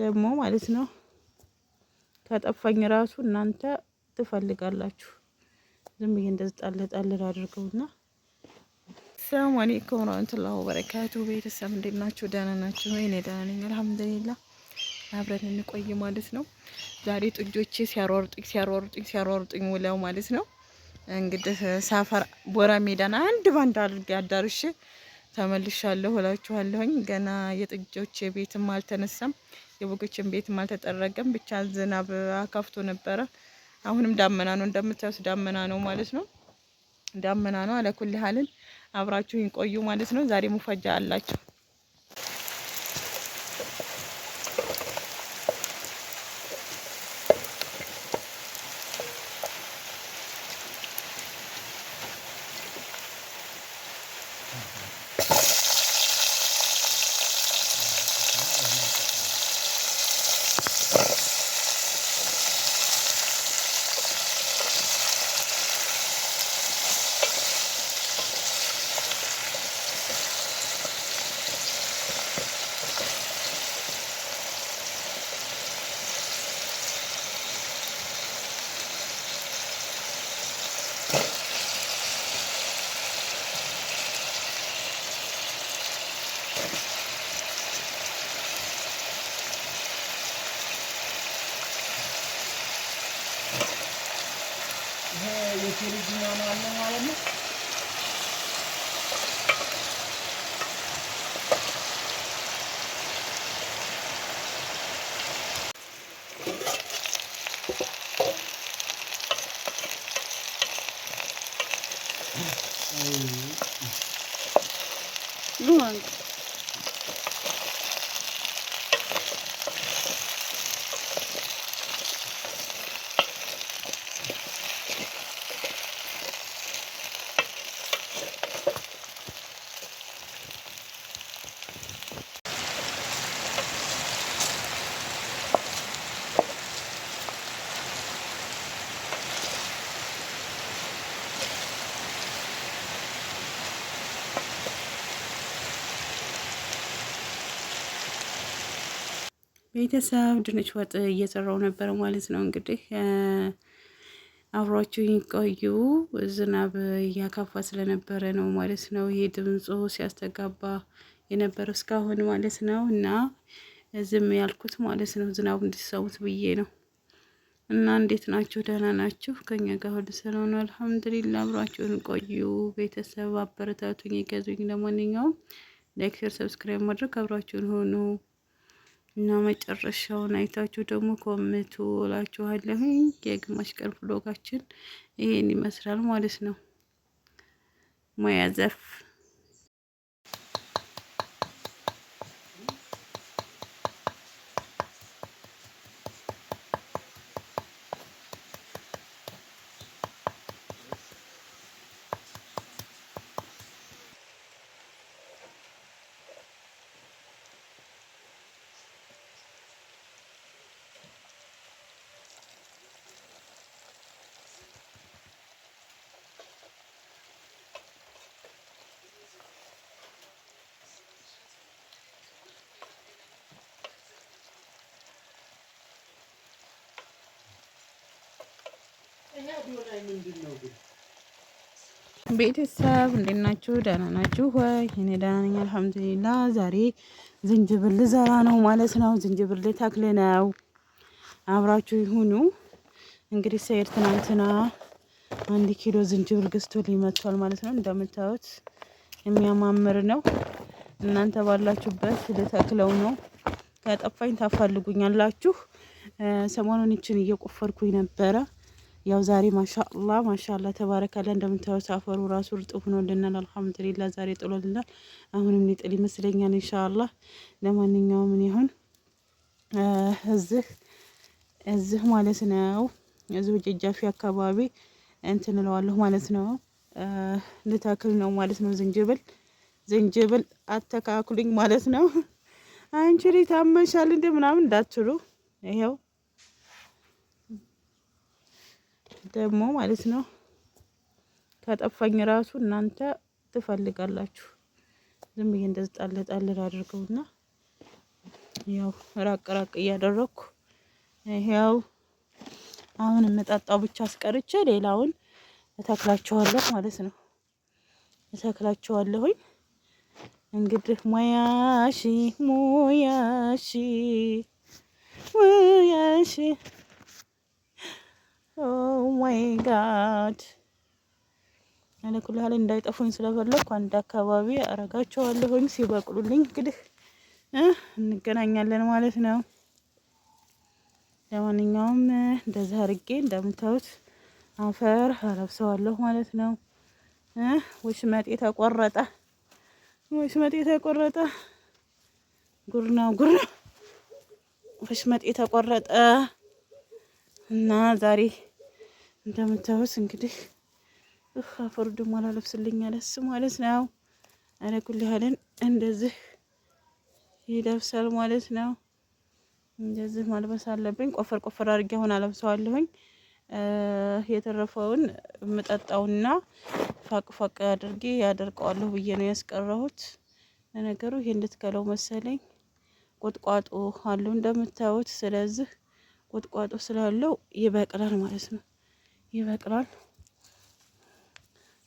ደግሞ ማለት ነው ከጠፋኝ ራሱ እናንተ ትፈልጋላችሁ። ዝም ብዬ እንደዚህ ጣል ጣል አድርገውና ሰላም አለይኩም ወራህመቱላሂ ወበረካቱ። ቤተሰብ እንዴት ናችሁ? ደህና ናችሁ? እኔ ደህና ነኝ አልሐምዱሊላህ። አብረን እንቆይ ማለት ነው። ዛሬ ጥጆቼ ሲያሯሩጡኝ ሲያሯሩጡኝ ሲያሯሩጡኝ ውለው ማለት ነው እንግዲህ ሳፈር ቦራ ሜዳን አንድ ባንድ አድርጌ አዳርሼ ተመልሻለሁ እላችኋለሁኝ። ገና የጥጆቼ ቤትም አልተነሳም። የቦጎችን ቤትም አልተጠረገም። ብቻ ዝናብ አካፍቶ ነበረ። አሁንም ዳመና ነው እንደምታዩት፣ ዳመና ነው ማለት ነው። ዳመና ነው አለኩል ያህልን አብራችሁ ይቆዩ ማለት ነው። ዛሬ ሙፈጃ አላችሁ። పెరుగుతున్నాను అన్నం వాళ్ళని Look. ቤተሰብ ድንች ወጥ እየሰራው ነበረ ማለት ነው። እንግዲህ አብሯችሁ ይቆዩ። ዝናብ እያካፋ ስለነበረ ነው ማለት ነው ይሄ ድምፁ ሲያስተጋባ የነበረው እስካሁን ማለት ነው። እና ዝም ያልኩት ማለት ነው ዝናቡ እንዲሰሙት ብዬ ነው። እና እንዴት ናችሁ? ደህና ናችሁ? ከኛ ጋር ሁሉ ሰላም ነው አልሐምዱሊላ። አብሯችሁን ቆዩ ቤተሰብ፣ አበረታቱኝ፣ ገዙኝ ለማንኛውም ላይክ፣ ሼር፣ ሰብስክራይብ ማድረግ አብሯችሁን ሆኑ። እና መጨረሻውን አይታችሁ ደግሞ ኮምቱ እላችኋለሁኝ። የግማሽ ቀን ብሎጋችን ይሄን ይመስላል ማለት ነው። ሙያ ዘርፍ ቤተሰብ እንዴት ናችሁ? ደህና ናችሁ ወይ? እኔ ደህና ነኝ አልሐምዱሊላህ። ዛሬ ዝንጅብል ልዘራ ነው ማለት ነው። ዝንጅብል ልተክል ነው። አብራችሁ ይሁኑ። እንግዲህ ሰይድ ትናንትና አንድ ኪሎ ዝንጅብል ገዝቶ ሊመቷል ማለት ነው። እንደምታዩት የሚያማምር ነው። እናንተ ባላችሁበት ልተክለው ነው። ከጠፋኝ ታፋልጉኛላችሁ። ሰሞኑን ይችን እየቆፈርኩኝ ነበረ ያው ዛሬ ማሻአላ ማሻአላ ተባረካለ። እንደምታዩት አፈሩ ራሱ እርጥብ ሆኖልናል። አልሐምዱሊላ ዛሬ ጥሎልናል። አሁንም ሊጥል ይመስለኛል እንሻአላ። ለማንኛውም ምን አሁን እዚህ እዚህ ማለት ነው እዚሁ ጀጃፊ አካባቢ እንትን እለዋለሁ ማለት ነው ልተክል ነው ማለት ነው። ዝንጅብል ዝንጅብል አተካክሉኝ ማለት ነው። አንቺ ታመሻል እንደ ምናምን እንዳትሉ ይኸው ደግሞ ማለት ነው ከጠፋኝ ራሱ እናንተ ትፈልጋላችሁ። ዝም ብዬ እንደዚህ ጣል ጣል አድርገውና ያው ራቅ ራቅ እያደረግኩ ያው አሁን የምጠጣው ብቻ አስቀርቼ ሌላውን እተክላቸዋለሁ ማለት ነው። እተክላቸዋለሁኝ እንግዲህ ሙያሺ ሙያሺ ሙያሺ ኦማይ ጋድ ያለኩልህል እንዳይጠፉኝ ስለፈለግኩ አንድ አካባቢ አረጋቸዋለሁኝ። ሲበቅሉልኝ እንግዲህ እንገናኛለን ማለት ነው። ለማንኛውም እንደዚህ አርጌ እንደምታዩት አፈር አለብሰዋለሁ ማለት ነው። ወሽመጤ ተቆረጠ፣ ወሽመጤ ተቆረጠ። ጉርና ጉር ወሽመጤ ተቆረጠ። እና ዛሬ እንደምታውስ እንግዲህ አፈሩ ደግሞ አላለብስልኝ አለስ ማለት ነው። አረ ኩል ያለን እንደዚህ ይለብሳል ማለት ነው። እንደዚህ ማልበስ አለብኝ። ቆፈር ቆፈር አድርጌ አሁን አለብሰዋለሁኝ። የተረፈውን ምጠጣውና ፋቅ ፋቅ አድርጌ ያደርቀዋለሁ ብዬ ነው ያስቀረሁት። ለነገሩ ይሄ እንድትከለው መሰለኝ ቁጥቋጦ አሉ እንደምታዩት። ስለዚህ ቁጥቋጦ ስላለው ይበቅላል ማለት ነው። ይበቅላል።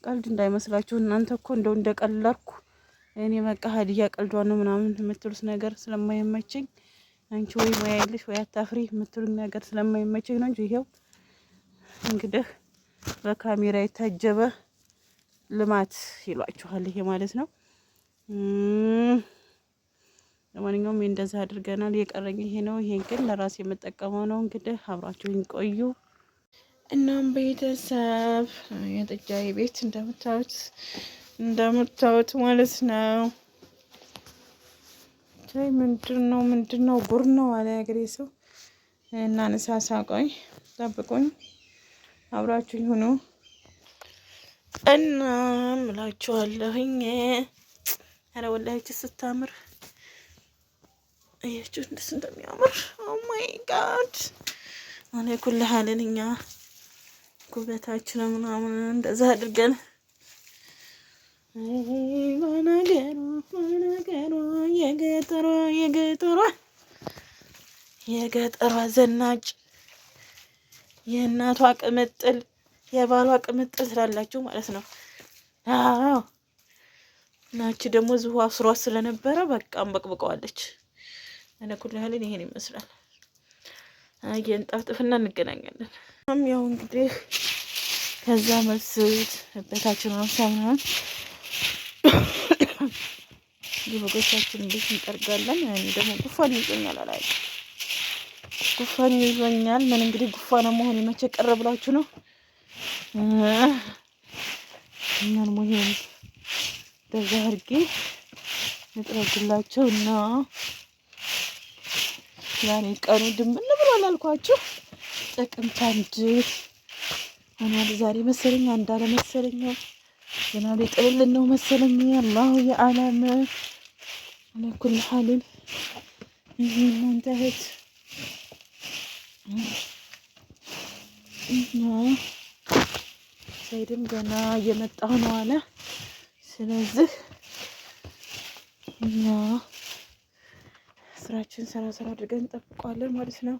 ቀልድ እንዳይመስላችሁ እናንተ እኮ እንደው እንደቀለድኩ እኔ በቃ ሀዲያ ቀልዷ ነው ምናምን የምትሉት ነገር ስለማይመቸኝ አንቺ ወይ ወይ ወይ አታፍሪ የምትሉት ነገር ስለማይመቸኝ ነው እንጂ ይሄው እንግዲህ በካሜራ የታጀበ ልማት ይሏችኋል። ይሄ ማለት ነው። ለማንኛውም እንደዚህ አድርገናል። የቀረኝ ይሄ ነው። ይሄን ግን ለራሴ የምጠቀመው ነው። እንግዲህ አብራችሁኝ ቆዩ። እናም ቤተሰብ የጥጃዬ ቤት እንደምታዩት እንደምታዩት ማለት ነው። ይ ምንድን ነው ምንድን ነው ጉር ነው አለ ያገሬ ሰው። እናነሳሳ ቆይ ጠብቁኝ፣ አብራችሁኝ ሁኑ እና ምላችኋለሁኝ። ኧረ ወላሂ ስታምር እያችሁ እንደስ እንደሚያምር ኦ ማይ ጋድ አለ ኩል ሀልን እኛ ኩበታችንን ምናምን እንደዛ አድርገን በነገሩ በነገሩ የገጠሯ የገጠሯ የገጠሯ ዘናጭ የእናቷ ቅምጥል የባሏ ቅምጥል ስላላችሁ ማለት ነው። አዎ ናቺ ደግሞ ዝዋ ስሯ ስለነበረ በቃም በቅብቀዋለች። አለኩል ያህልን ይሄን ይመስላል። አየን ጣፍጥፍና እንገናኛለን። ያው እንግዲህ ከዛ መልስት በታችን ነው ሳምናን የበጎቻችን ቤት እንጠርጋለን። እኔ ደግሞ ጉፋን ይዞኛል፣ አላይ ጉፋን ይዞኛል። ምን እንግዲህ ጉፋና መሆን የመቼ ቀረ ብላችሁ ነው እኛን ሙሄን በዛ አድርጌ እጥረግላቸው እና ዛሬ ቀኑ ድምን ብሏል አልኳችሁ። ጥቅምት አንድ ሆኗል ዛሬ መሰለኝ። አንዳለ አለ መሰለኝ። ዝናብ ሊጥልልን ነው መሰለኝ። አላሁ የዓለም አለ ኩል ሀልን እናንተ እህት ሰይድም ገና እየመጣ ነው አለ። ስለዚህ እኛ ስራችን ሰራ ሰራ አድርገን እንጠብቀዋለን ማለት ነው።